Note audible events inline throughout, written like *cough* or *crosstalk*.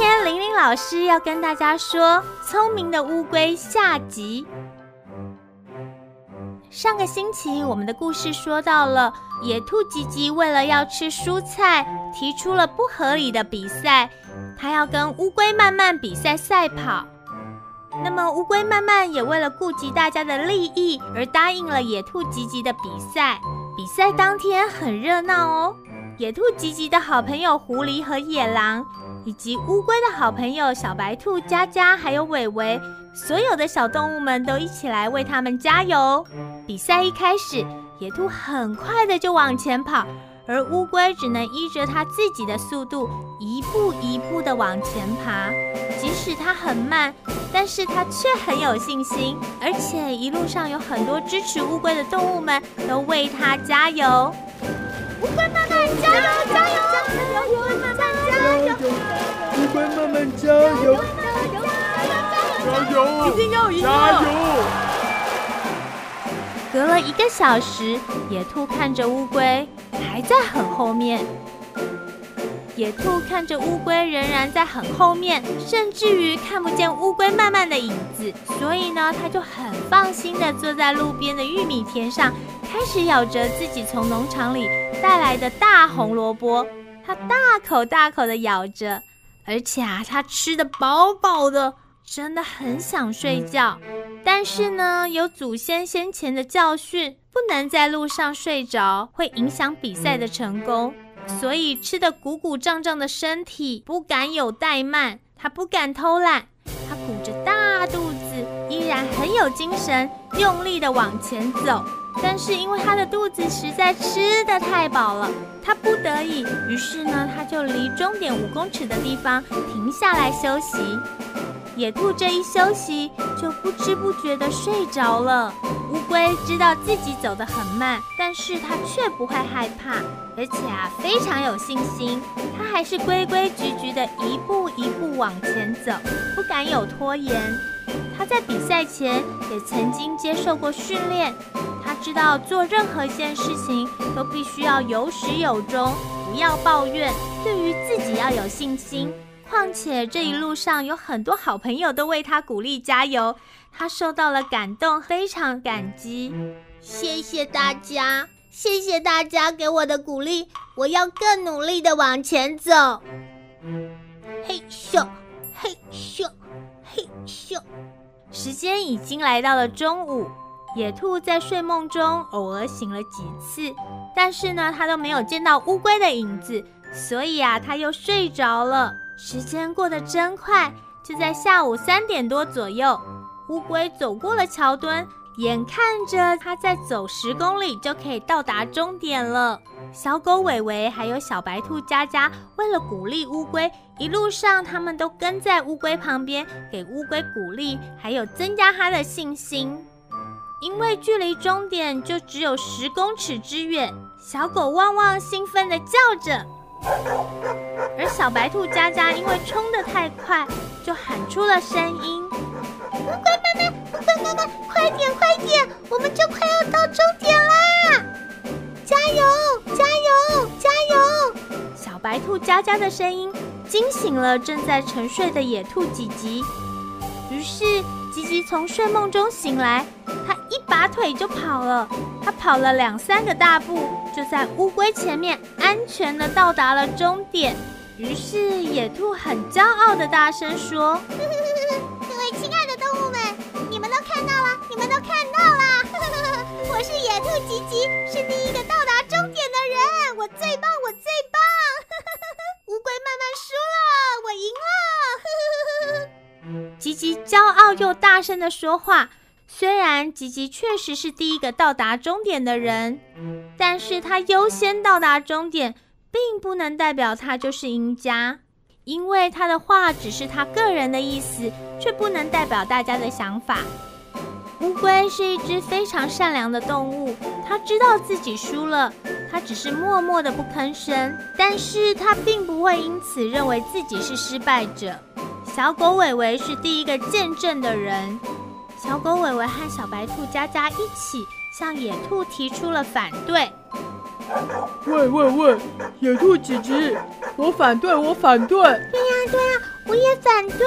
今天林林老師要跟大家說《聰明的烏龜》下集。上個星期我們的故事說到了野兔吉吉為了要吃蔬菜，提出了不合理的比賽，他要跟烏龜慢慢比賽賽跑。那麼烏龜慢慢也為了顧及大家的利益而答應了野兔吉吉的比賽。比賽當天很熱鬧哦，野兔吉吉的好朋友狐狸和野狼。以及烏龜的好朋友小白兔佳佳，還有偉偉，所有的小動物們都一起來為他們加油。比賽一開始，野兔很快的就往前跑，而烏龜只能依着它自己的速度，一步一步的往前爬。即使它很慢，但是它卻很有信心，而且一路上有很多支持烏龜的動物們都為它加油。烏龜媽媽，加油！加油！加油！加油！烏龜慢慢加油，加油，一定要贏！加油！隔了一個小時，野兔看着烏龜還在很後面。野兔看着烏龜仍然在很後面，甚至於看不見烏龜慢慢的影子，所以呢，它就很放心的坐在路邊的玉米田上，開始咬着自己從農場裡帶來的大紅蘿蔔。他大口大口的咬着，而且啊，他吃得飽飽的，真的很想睡覺。但是呢，有祖先先前的教訓，不能在路上睡着，會影響比賽的成功。所以，吃得鼓鼓脹脹的身體不敢有怠慢，他不敢偷懶。他鼓着大肚子，依然很有精神，用力的往前走。但是因為他的肚子實在吃得太飽了，他不得已，於是呢，他就離終點五公尺的地方停下來休息。野兔這一休息，就不知不覺的睡着了。烏龜知道自己走得很慢，但是他卻不會害怕，而且啊非常有信心。他還是規規矩矩的一步一步往前走，不敢有拖延。他在比賽前也曾經接受過訓練，他知道做任何一件事情都必須要有始有終，不要抱怨，對於自己要有信心。況且這一路上有很多好朋友都為他鼓勵加油，他受到了感動，非常感激。謝謝大家，謝謝大家給我的鼓勵，我要更努力的往前走。嘿咻，嘿咻，嘿咻。時間已經來到了中午，野兔在睡夢中偶爾醒了幾次，但是呢，他都沒有見到烏龜的影子，所以啊，他又睡着了。時間過得真快，就在下午三點多左右，烏龜走過了橋墩，眼看着它再走十公里就可以到達終點了。小狗偉偉還有小白兔佳佳，為了鼓勵烏龜，一路上他們都跟在烏龜旁邊，給烏龜鼓勵，還有增加它的信心。因為距離終點就只有十公尺之遠，小狗旺旺興奮地叫着。而小白兔佳佳因為衝得太快，就喊出了聲音：“烏龜媽媽，烏龜媽媽，快點快點，我們就快要到終點啦！加油，加油，加油！”小白兔佳佳的聲音驚醒了正在沉睡的野兔吉吉，於是吉吉從睡夢中醒來。他一拔腿就跑了，他跑了兩三個大步，就在烏龜前面安全的到達了終點。於是野兔很驕傲的大聲說：“呵呵呵呵，各位親愛的動物們，你們都看到了，你們都看到了， *laughs* 我是野兔吉吉，是第一個到達終點的人，我最棒，我最棒！” *laughs* 烏龜慢慢輸了，我贏了。呵 *laughs* 吉吉驕傲又大聲的說話。雖然吉吉確實是第一個到達終點的人，但是他優先到達終點並不能代表他就是贏家，因為他的話只是他個人的意思，卻不能代表大家的想法。烏龜是一隻非常善良的動物，它知道自己輸了，它只是默默的不吭聲，但是它並不會因此認為自己是失敗者。小狗偉偉是第一個見證的人。小狗偉偉和小白兔佳佳一起向野兔提出了反對。喂喂喂，野兔吉吉，我反對，我反對。反對、哎、呀對呀，我也反對，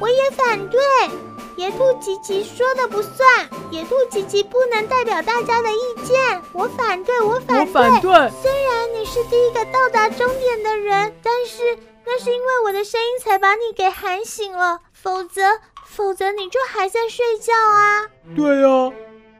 我也反對。野兔吉吉說的不算，野兔吉吉不能代表大家的意見。我反對，我反對。我反對。雖然你是第一個到達終點的人，但是那是因為我的聲音才把你給喊醒了，否則。否則你就還在睡覺啊！對啊，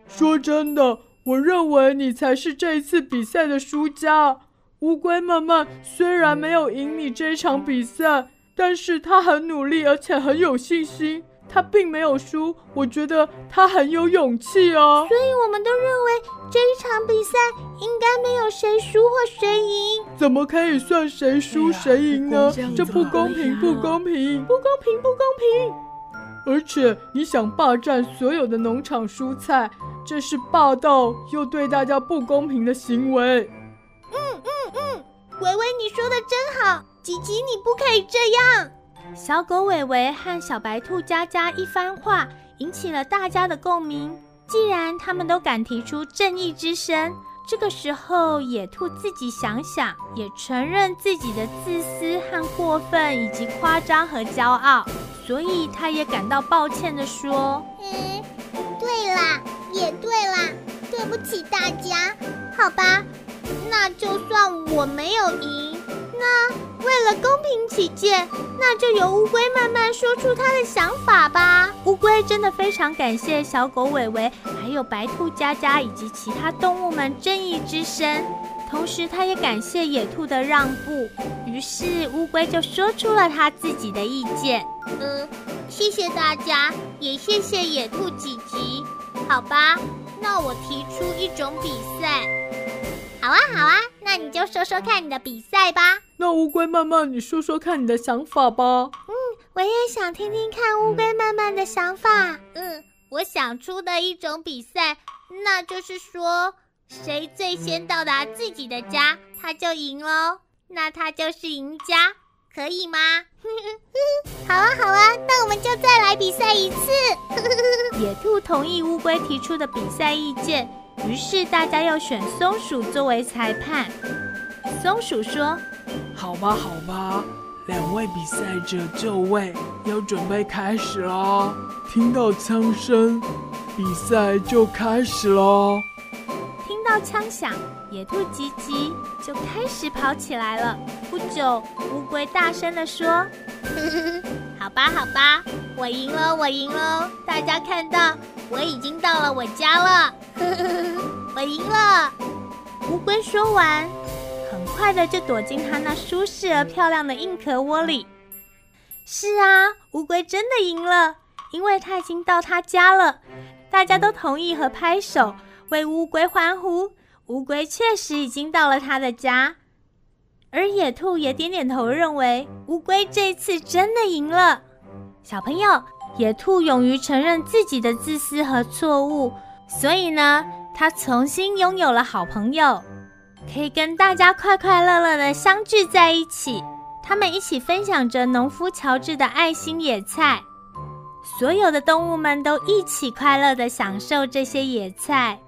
說真的，我認為你才是這一次比賽的輸家。烏龜慢慢雖然沒有贏你這一場比賽，但是他很努力，而且很有信心，他並沒有輸。我覺得他很有勇氣啊。所以我們都認為這一場比賽應該沒有誰輸或誰贏。怎麼可以算誰輸誰贏呢？哎呀，不光是這樣子，這不公平！不公平！不公平！不公平！而且你想霸佔所有的農場蔬菜，這是霸道又對大家不公平的行為。嗯嗯嗯，偉、嗯、偉，葳葳你說的真好。吉吉，你不可以這樣。小狗偉偉和小白兔佳佳一番話引起了大家的共鳴。既然他們都敢提出正義之聲。這個時候，野兔自己想想，也承認自己的自私和過分，以及誇張和驕傲，所以他也感到抱歉地說：“嗯，對啦，也對啦，對不起大家，好吧，那就算我沒有贏，那。”為了公平起見，那就由烏龜慢慢說出他的想法吧。烏龜真的非常感謝小狗偉偉，還有白兔佳佳以及其他動物們正義之聲，同時他也感謝野兔的讓步。於是烏龜就說出了他自己的意見：嗯，謝謝大家，也謝謝野兔吉吉。好吧，那我提出一種比賽。好啊，好啊。那你就說說看你的比賽吧。那烏龜慢慢，你說說看你的想法吧。嗯，我也想聽聽看烏龜慢慢的想法。嗯，我想出的一種比賽，那就是說誰最先到達自己的家，他就贏嘍。那他就是贏家，可以嗎？ *laughs* 好啊，好啊，那我們就再來比賽一次。 *laughs* 野兔同意烏龜提出的比賽意見。於是大家要選松鼠作為裁判。松鼠說：“好吧，好吧，兩位比賽者就位，要準備開始嘍。聽到槍聲，比賽就開始嘍。聽到槍響，野兔吉吉就開始跑起來了。不久，烏龜大聲地說：‘哼哼哼，好吧，好吧，我贏嘍我贏嘍，大家看到，我已經到了我家了。’” *laughs* 我贏了！烏龜說完，很快的就躲進它那舒適而漂亮的硬殼窩裡。是啊，烏龜真的贏了，因為它已經到它家了。大家都同意和拍手為烏龜歡呼。烏龜確實已經到了它的家，而野兔也點點頭，認為烏龜這次真的贏了。小朋友，野兔勇於承認自己的自私和錯誤。所以呢，他重新擁有了好朋友，可以跟大家快快樂樂的相聚在一起。他們一起分享着農夫喬治的愛心野菜，所有的動物們都一起快樂的享受這些野菜。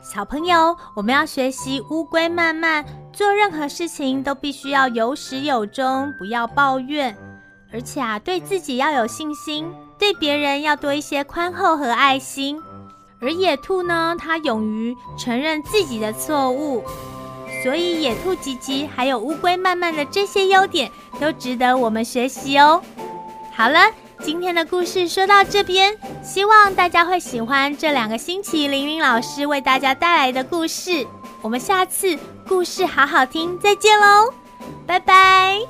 小朋友，我們要學習烏龜慢慢，做任何事情都必須要有始有終，不要抱怨，而且啊，對自己要有信心，對別人要多一些寬厚和愛心。而野兔呢，它勇於承認自己的錯誤，所以野兔吉吉還有烏龜慢慢的這些優點都值得我們學習哦。好了，今天的故事說到這邊，希望大家會喜歡這兩個星期玲玲老師為大家帶來的故事。我們下次故事好好聽，再見嘍，拜拜。